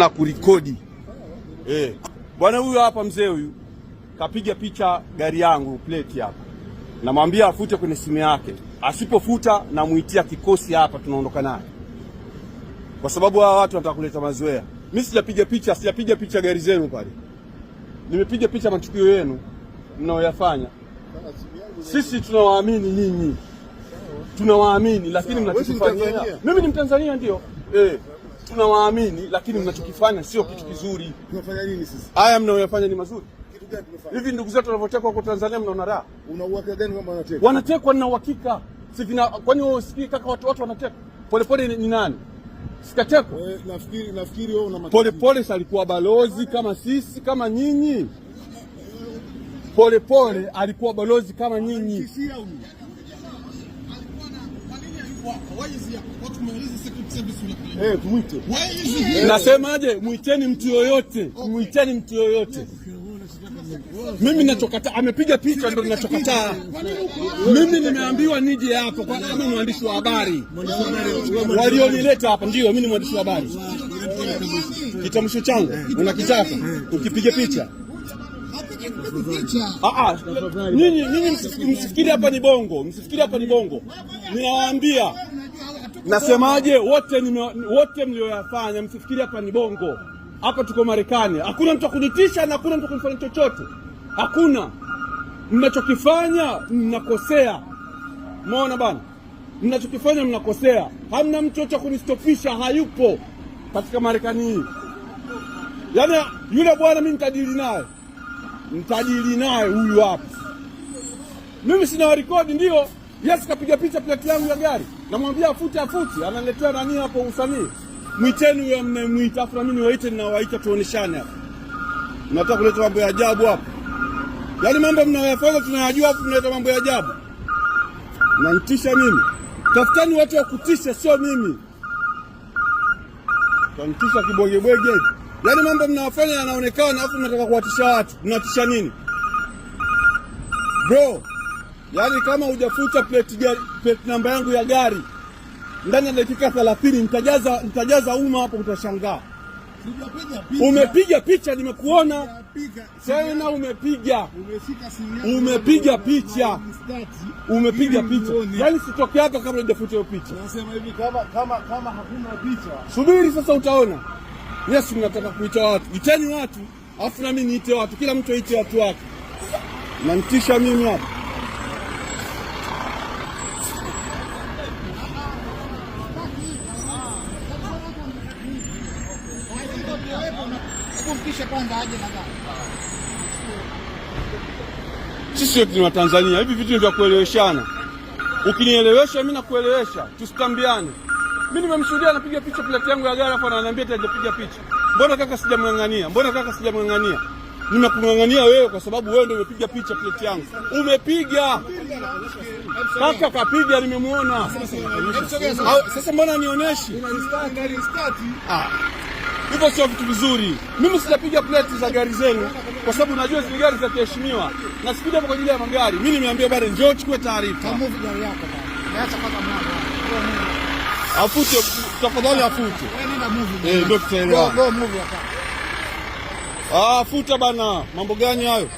na kurikodi eh, bwana huyu hapa, mzee huyu kapiga picha gari yangu plate hapa, namwambia afute kwenye simu yake. Asipofuta namuitia kikosi hapa, tunaondoka naye, kwa sababu hawa watu wanataka kuleta mazoea. Mimi sijapiga picha, sijapiga picha gari zenu pale, nimepiga picha matukio yenu mnaoyafanya. Sisi tunawaamini nyinyi, tunawaamini, lakini mnatufanyia. Mimi ni Mtanzania ndio eh tunawaamini, lakini mnachokifanya sio kitu kizuri. Tunafanya nini sisi? Haya mnayoyafanya ni mazuri? Kitu gani tunafanya hivi? Ndugu zetu wanavyotekwa huko Tanzania, mnaona raha? Una uhakika gani kwamba wanatekwa? Wanatekwa na uhakika, si vina. Kwani wewe usikii kaka, watu watu wanatekwa polepole. Ni nani sikatekwa? Wewe nafikiri, nafikiri wewe una matatizo. Polepole alikuwa balozi kama sisi, kama nyinyi. Polepole alikuwa balozi kama nyinyi. Eh, Nasemaje? Mwiteni mtu yoyote, mwiteni mtu yoyote. Mimi nachokataa amepiga picha, ndo ninachokataa mimi. Nimeambiwa nije hapa kwa sababu mwandishi wa habari, walionileta hapa. Ndio mimi ni mwandishi wa habari. Kitamsho changu unakitaka, ukipiga picha Ah, ah. Msifikiri hapa ni bongo, msifikiri hapa ni bongo. Ninawaambia nasemaje, wote wote mlioyafanya, msifikiri hapa ni bongo. Hapa tuko Marekani, hakuna mtu akunitisha na hakuna mtu akunifanya chochote, hakuna. Mnachokifanya mnakosea, umeona bana, mnachokifanya mnakosea. Hamna mtu yote akunistopisha, hayupo katika Marekani hii. Yaani yule bwana mimi nitadili naye mtajili naye huyu hapa. Mimi sina warikodi, ndio yesu kapiga picha plate yangu ya gari, namwambia afute, afute, analetea nani hapo usanii. Mwiteni huyo mnemwita, afu mimi niwaite, ninawaita, tuoneshane hapa. Mnataka kuleta mambo ya ajabu hapa, yaani mambo mnayoyafanya tunayajua, afu mnaleta mambo ya ajabu, mnanitisha mimi. Tafutani watu wa kutisha, sio mimi. Tanitisha kibwegebwege Yaani mambo mnawafanya yanaonekana, afu mnataka kuwatisha watu. Mnatisha nini bro? Yaani kama hujafuta plate, plate namba yangu ya gari ndani ya dakika 30 nitajaza nitajaza umma hapo, utashangaa. Umepiga picha, nimekuona tena, umepiga umepiga picha, umepiga picha. Yaani sitoke hapa kabla hujafuta hiyo picha. Nasema hivi, kama kama kama hakuna picha, subiri sasa, utaona. Yesu mnataka kuita watu, iteni watu, alafu nami niite watu, kila mtu aite watu wake. Mnanitisha mimi hapa. Sisi wote ni Watanzania, hivi vitu ni vya kueleweshana. Ukinielewesha mimi nakuelewesha, tusitambiane. Mimi nimemshuhudia anapiga picha plate yangu ya gari hapo, ananiambia eti hajapiga picha. Mbona kaka sijamng'ang'ania? Mbona kaka sijamng'ang'ania? Nimekung'ang'ania wewe kwa sababu wewe ndio umepiga picha plate yangu. Umepiga. Kaka kapiga nimemuona. Sasa mbona nionyeshi? Ah. Hivyo sio vitu vizuri. Mimi sijapiga plate za gari zenu kwa sababu najua zile gari za kiheshimiwa, Na sikuja kwa ajili ya magari. Mimi nimeambia bado njoo chukue taarifa. Kamove gari yako bwana. Niacha kwanza mlango. Afute tafadhali, afute eh, ah, futa bana, mambo gani hayo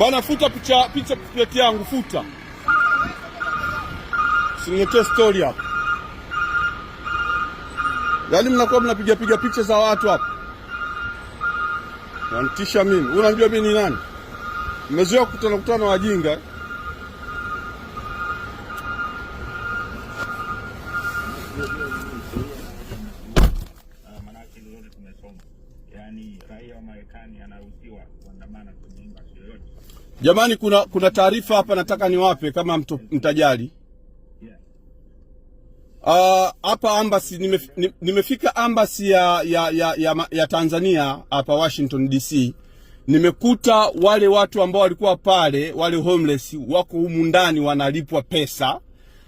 bana? Futa picha picha plate yangu, futa siniletee stori hapa. Yaani mnakuwa mnapigapiga picha za watu hapa, wantisha mimi. Unajua mimi ni nani? Mmezoea kukutana kutana na wajinga. Jamani, kuna kuna taarifa hapa nataka niwape kama mtu, mtajali ah, hapa uh, ambasi nime, nimefika ambasi ya, ya, ya, ya, ya Tanzania hapa Washington DC, nimekuta wale watu ambao walikuwa pale wale homeless wako humu ndani wanalipwa pesa.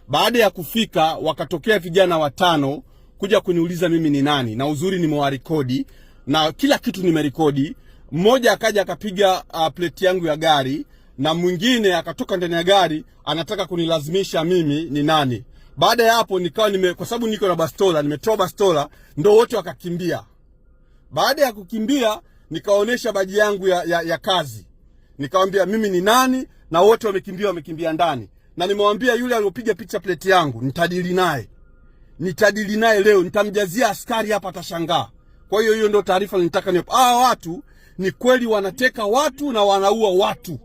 Baada ya kufika wakatokea vijana watano kuja kuniuliza mimi ni nani, na uzuri nimewarekodi na kila kitu nimerekodi mmoja akaja akapiga uh, pleti yangu ya gari na mwingine akatoka ndani ya gari anataka kunilazimisha mimi ni nani. Baada ya hapo nikawa nime, kwa sababu niko na bastola, nimetoa bastola, ndo wote wakakimbia. Baada ya kukimbia, nikaonyesha baji yangu ya, ya, ya kazi, nikawambia mimi ni nani, na wote wamekimbia, wamekimbia ndani, na nimewambia yule aliyopiga picha pleti yangu nitadili naye, nitadili naye leo, nitamjazia askari hapa, atashangaa. Kwa hiyo hiyo ndo taarifa nilitaka niwape hawa watu ni kweli wanateka watu na wanaua watu.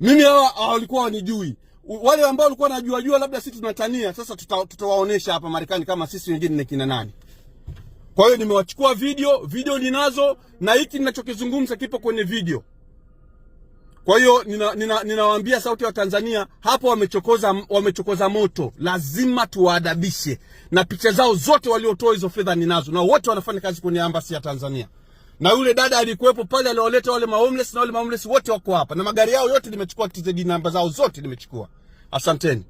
Mimi hawa walikuwa wanijui, wale ambao walikuwa najua jua, labda sisi tunatania. Sasa tutawaonyesha tuta hapa Marekani kama sisi wengine ni kina nani. Kwa hiyo nimewachukua video, video ninazo na hiki ninachokizungumza kipo kwenye video. Kwa hiyo ninawaambia nina, nina sauti ya Tanzania hapo, wamechokoza wamechokoza moto, lazima tuwaadabishe, na picha zao zote waliotoa hizo fedha ninazo, na wote wanafanya kazi kwenye ambasi ya Tanzania na yule dada alikuwepo pale alioleta wale maomles na wale mahomless wote wako hapa, na magari yao yote limechukua, TZ namba zao zote limechukua. Asanteni.